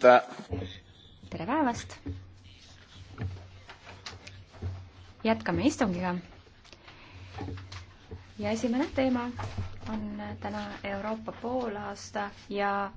tere päevast! jätkame istungiga. ja esimene teema on täna Euroopa poolaasta ja